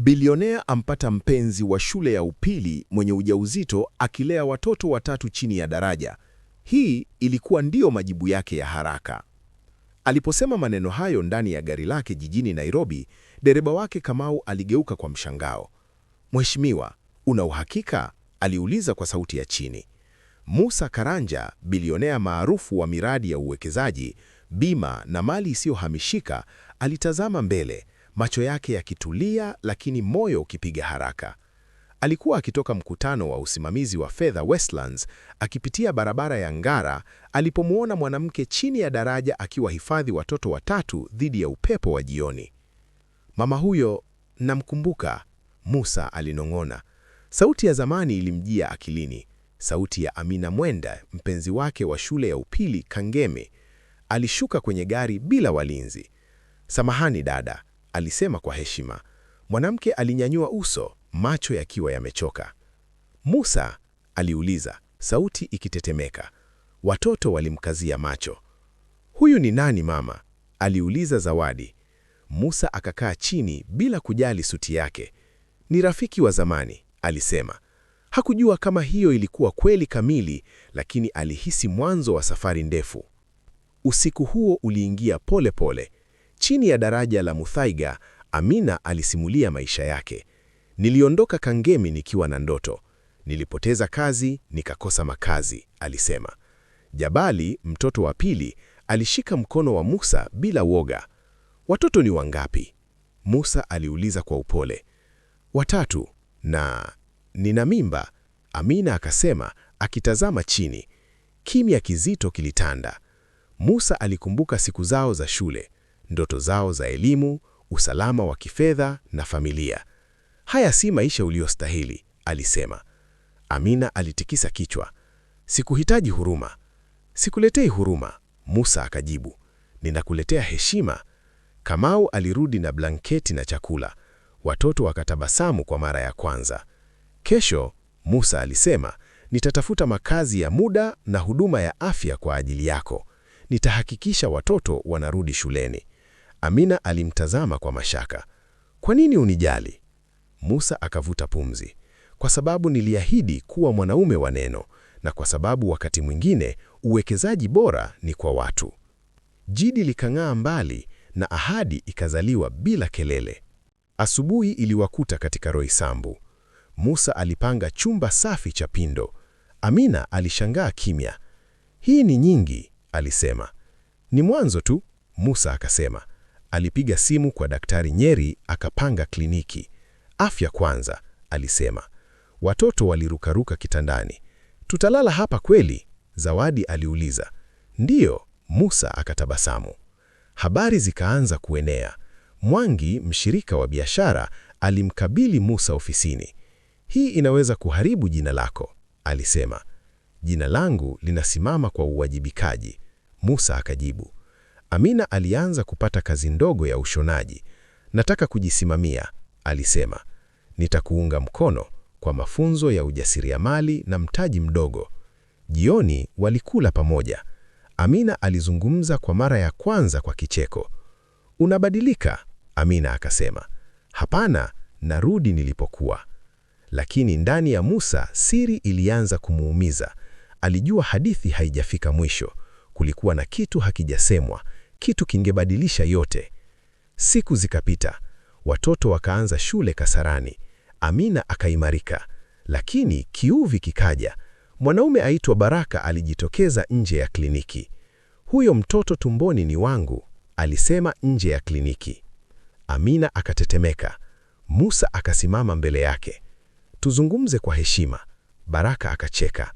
Bilionea ampata mpenzi wa shule ya upili mwenye ujauzito akilea watoto watatu chini ya daraja. Hii ilikuwa ndiyo majibu yake ya haraka. Aliposema maneno hayo ndani ya gari lake jijini Nairobi, dereba wake Kamau aligeuka kwa mshangao. Mheshimiwa, una uhakika? aliuliza kwa sauti ya chini. Musa Karanja, bilionea maarufu wa miradi ya uwekezaji, bima na mali isiyohamishika, alitazama mbele macho yake yakitulia, lakini moyo ukipiga haraka. Alikuwa akitoka mkutano wa usimamizi wa fedha Westlands, akipitia barabara ya Ngara alipomwona mwanamke chini ya daraja akiwahifadhi watoto watatu dhidi ya upepo wa jioni. Mama huyo namkumbuka, Musa alinong'ona. Sauti ya zamani ilimjia akilini, sauti ya Amina Mwenda, mpenzi wake wa shule ya upili Kangeme. Alishuka kwenye gari bila walinzi. Samahani dada, alisema kwa heshima. Mwanamke alinyanyua uso, macho yakiwa yamechoka. Musa, aliuliza, sauti ikitetemeka. Watoto walimkazia macho. Huyu ni nani mama? aliuliza Zawadi. Musa akakaa chini bila kujali suti yake. Ni rafiki wa zamani, alisema. Hakujua kama hiyo ilikuwa kweli kamili, lakini alihisi mwanzo wa safari ndefu. Usiku huo uliingia polepole pole, Chini ya daraja la Muthaiga, Amina alisimulia maisha yake. Niliondoka Kangemi nikiwa na ndoto. Nilipoteza kazi, nikakosa makazi, alisema. Jabali, mtoto wa pili, alishika mkono wa Musa bila woga. Watoto ni wangapi? Musa aliuliza kwa upole. Watatu na nina mimba, Amina akasema akitazama chini. Kimya kizito kilitanda. Musa alikumbuka siku zao za shule ndoto zao za elimu, usalama wa kifedha na familia. Haya si maisha uliyostahili, alisema. Amina alitikisa kichwa. Sikuhitaji huruma, sikuletei huruma, Musa akajibu. Ninakuletea heshima. Kamau alirudi na blanketi na chakula. Watoto wakatabasamu kwa mara ya kwanza. Kesho, Musa alisema, nitatafuta makazi ya muda na huduma ya afya kwa ajili yako. Nitahakikisha watoto wanarudi shuleni. Amina alimtazama kwa mashaka. Kwa nini unijali? Musa akavuta pumzi. Kwa sababu niliahidi kuwa mwanaume wa neno, na kwa sababu wakati mwingine uwekezaji bora ni kwa watu. Jidi likang'aa mbali na ahadi ikazaliwa bila kelele. Asubuhi iliwakuta katika roisambu Musa alipanga chumba safi cha pindo. Amina alishangaa kimya. Hii ni nyingi, alisema. Ni mwanzo tu, Musa akasema. Alipiga simu kwa daktari Nyeri akapanga kliniki. Afya kwanza, alisema. Watoto walirukaruka kitandani. Tutalala hapa kweli? Zawadi aliuliza. Ndiyo, Musa akatabasamu. Habari zikaanza kuenea. Mwangi, mshirika wa biashara, alimkabili Musa ofisini. Hii inaweza kuharibu jina lako, alisema. Jina langu linasimama kwa uwajibikaji, Musa akajibu. Amina alianza kupata kazi ndogo ya ushonaji. Nataka kujisimamia, alisema. Nitakuunga mkono kwa mafunzo ya ujasiriamali na mtaji mdogo. Jioni walikula pamoja. Amina alizungumza kwa mara ya kwanza kwa kicheko. Unabadilika, Amina akasema. Hapana, narudi nilipokuwa. Lakini ndani ya Musa siri ilianza kumuumiza. Alijua hadithi haijafika mwisho. Kulikuwa na kitu hakijasemwa kitu kingebadilisha yote. Siku zikapita, watoto wakaanza shule Kasarani. Amina akaimarika, lakini kiuvi kikaja. Mwanaume aitwa Baraka alijitokeza nje ya kliniki. Huyo mtoto tumboni ni wangu, alisema nje ya kliniki. Amina akatetemeka. Musa akasimama mbele yake. Tuzungumze kwa heshima. Baraka akacheka.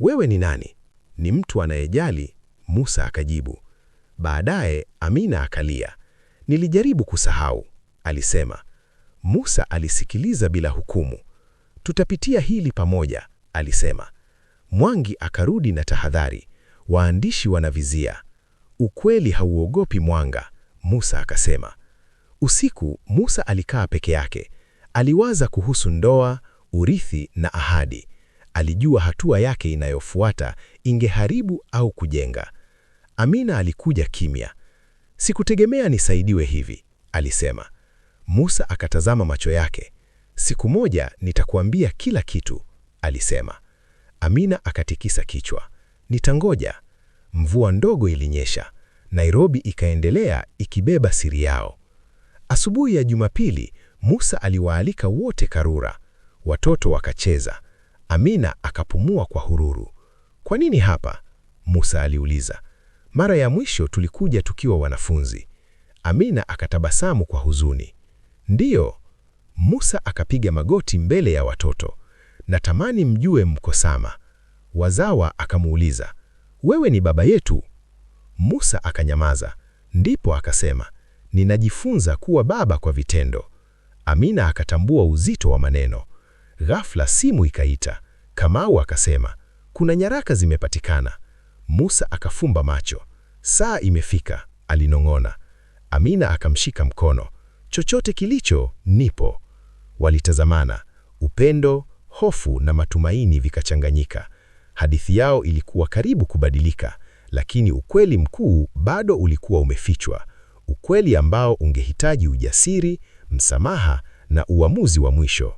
Wewe ni nani? Ni mtu anayejali, Musa akajibu. Baadaye Amina akalia. Nilijaribu kusahau, alisema. Musa alisikiliza bila hukumu. Tutapitia hili pamoja, alisema. Mwangi akarudi na tahadhari. Waandishi wanavizia. Ukweli hauogopi mwanga, Musa akasema. Usiku Musa alikaa peke yake. Aliwaza kuhusu ndoa, urithi na ahadi. Alijua hatua yake inayofuata ingeharibu au kujenga. Amina alikuja kimya. Sikutegemea nisaidiwe hivi, alisema. Musa akatazama macho yake. Siku moja nitakuambia kila kitu, alisema. Amina akatikisa kichwa. Nitangoja. Mvua ndogo ilinyesha. Nairobi ikaendelea ikibeba siri yao. Asubuhi ya Jumapili, Musa aliwaalika wote Karura. Watoto wakacheza. Amina akapumua kwa hururu. Kwa nini hapa? Musa aliuliza. Mara ya mwisho tulikuja tukiwa wanafunzi. Amina akatabasamu kwa huzuni. Ndiyo, Musa akapiga magoti mbele ya watoto. Natamani mjue mko sama. Wazawa akamuuliza, wewe ni baba yetu? Musa akanyamaza. Ndipo akasema, ninajifunza kuwa baba kwa vitendo. Amina akatambua uzito wa maneno. Ghafla simu ikaita. Kamau akasema, kuna nyaraka zimepatikana. Musa akafumba macho. Saa imefika, alinong'ona. Amina akamshika mkono. Chochote kilicho, nipo. Walitazamana, upendo, hofu na matumaini vikachanganyika. Hadithi yao ilikuwa karibu kubadilika, lakini ukweli mkuu bado ulikuwa umefichwa, ukweli ambao ungehitaji ujasiri, msamaha na uamuzi wa mwisho.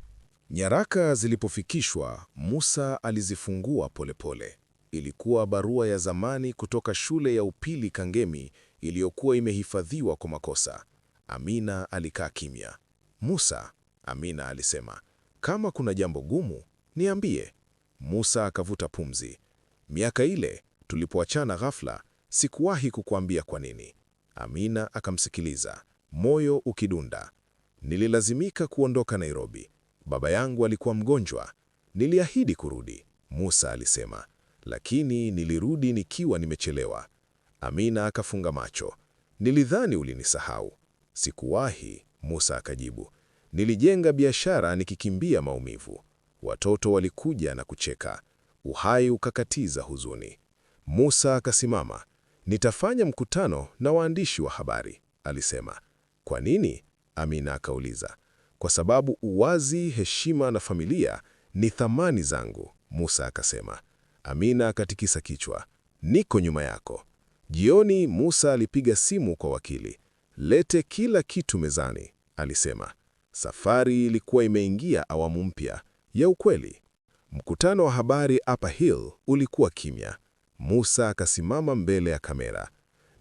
Nyaraka zilipofikishwa, Musa alizifungua polepole pole. Ilikuwa barua ya zamani kutoka shule ya upili Kangemi iliyokuwa imehifadhiwa kwa makosa. Amina alikaa kimya. Musa, Amina alisema, kama kuna jambo gumu niambie. Musa akavuta pumzi. Miaka ile tulipoachana ghafla, sikuwahi kukuambia kwa nini. Amina akamsikiliza, moyo ukidunda. Nililazimika kuondoka Nairobi, baba yangu alikuwa mgonjwa. Niliahidi kurudi, Musa alisema, lakini nilirudi nikiwa nimechelewa. Amina akafunga macho. Nilidhani ulinisahau. Sikuwahi, Musa akajibu. Nilijenga biashara nikikimbia maumivu. Watoto walikuja na kucheka. Uhai ukakatiza huzuni. Musa akasimama. Nitafanya mkutano na waandishi wa habari, alisema. Kwa nini? Amina akauliza. Kwa sababu uwazi, heshima na familia ni thamani zangu, Musa akasema. Amina akatikisa kichwa. Niko nyuma yako. Jioni Musa alipiga simu kwa wakili. Lete kila kitu mezani, alisema. Safari ilikuwa imeingia awamu mpya ya ukweli. Mkutano wa habari Upper Hill ulikuwa kimya. Musa akasimama mbele ya kamera.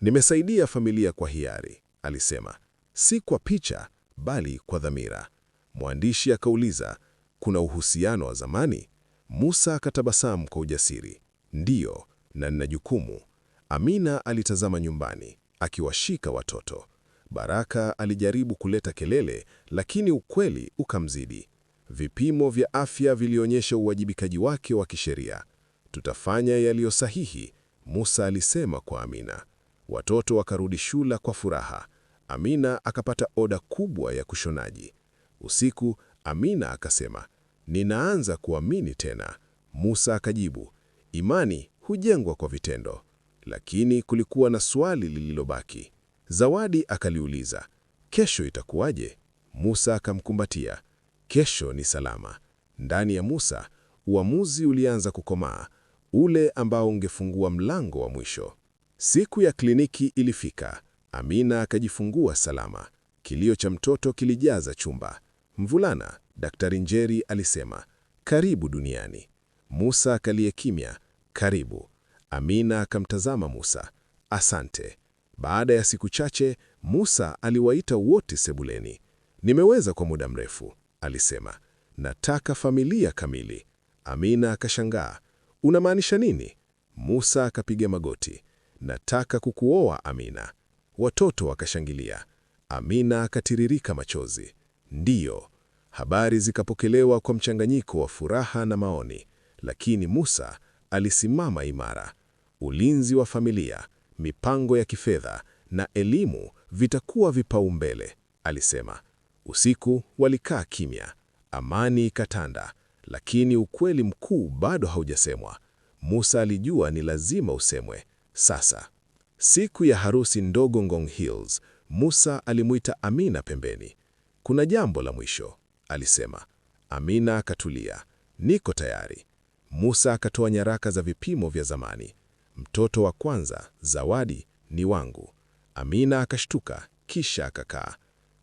Nimesaidia familia kwa hiari, alisema. Si kwa picha, bali kwa dhamira. Mwandishi akauliza, kuna uhusiano wa zamani? Musa akatabasamu kwa ujasiri. Ndiyo, na nina jukumu. Amina alitazama nyumbani akiwashika watoto. Baraka alijaribu kuleta kelele, lakini ukweli ukamzidi. Vipimo vya afya vilionyesha uwajibikaji wake wa kisheria. Tutafanya yaliyo sahihi, Musa alisema kwa Amina. Watoto wakarudi shule kwa furaha. Amina akapata oda kubwa ya kushonaji. Usiku, Amina akasema, Ninaanza kuamini tena. Musa akajibu, imani hujengwa kwa vitendo. Lakini kulikuwa na swali lililobaki. Zawadi akaliuliza, kesho itakuwaje? Musa akamkumbatia, kesho ni salama. Ndani ya Musa uamuzi ulianza kukomaa, ule ambao ungefungua mlango wa mwisho. Siku ya kliniki ilifika. Amina akajifungua salama. Kilio cha mtoto kilijaza chumba. Mvulana Daktari Njeri alisema, karibu duniani. Musa akalia kimya, karibu. Amina akamtazama Musa, asante. Baada ya siku chache, Musa aliwaita wote sebuleni. Nimeweza kwa muda mrefu, alisema. Nataka familia kamili. Amina akashangaa, unamaanisha nini? Musa akapiga magoti, nataka kukuoa Amina. Watoto wakashangilia. Amina akatiririka machozi, ndiyo. Habari zikapokelewa kwa mchanganyiko wa furaha na maoni, lakini Musa alisimama imara. Ulinzi wa familia, mipango ya kifedha na elimu vitakuwa vipaumbele, alisema. Usiku walikaa kimya, amani ikatanda, lakini ukweli mkuu bado haujasemwa. Musa alijua ni lazima usemwe sasa. Siku ya harusi ndogo Ngong Hills, Musa alimuita Amina pembeni. Kuna jambo la mwisho, alisema. Amina akatulia, niko tayari. Musa akatoa nyaraka za vipimo vya zamani. Mtoto wa kwanza, Zawadi, ni wangu. Amina akashtuka, kisha akakaa.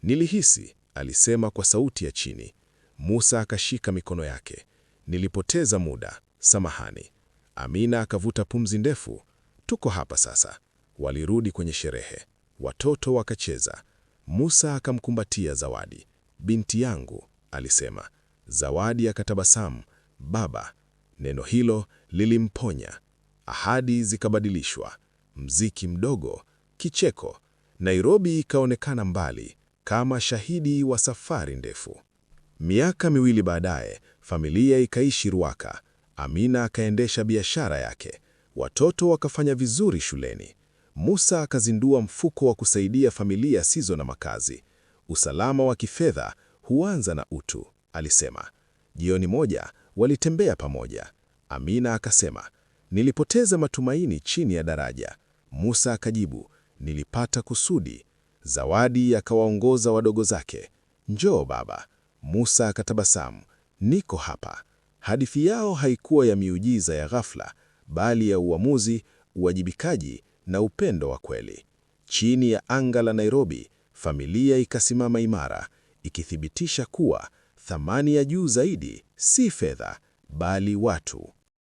Nilihisi, alisema kwa sauti ya chini. Musa akashika mikono yake. Nilipoteza muda, samahani. Amina akavuta pumzi ndefu. Tuko hapa sasa. Walirudi kwenye sherehe, watoto wakacheza. Musa akamkumbatia Zawadi, binti yangu alisema. Zawadi akatabasamu. Baba. Neno hilo lilimponya. Ahadi zikabadilishwa, mziki mdogo, kicheko. Nairobi ikaonekana mbali kama shahidi wa safari ndefu. Miaka miwili baadaye, familia ikaishi Ruaka. Amina akaendesha biashara yake, watoto wakafanya vizuri shuleni. Musa akazindua mfuko wa kusaidia familia sizo na makazi. Usalama wa kifedha huanza na utu, alisema. Jioni moja walitembea pamoja. Amina akasema, nilipoteza matumaini chini ya daraja. Musa akajibu, nilipata kusudi. Zawadi akawaongoza wadogo zake, njoo baba. Musa akatabasamu, niko hapa. Hadithi yao haikuwa ya miujiza ya ghafla, bali ya uamuzi, uwajibikaji na upendo wa kweli. Chini ya anga la Nairobi, familia ikasimama imara ikithibitisha kuwa thamani ya juu zaidi si fedha, bali watu.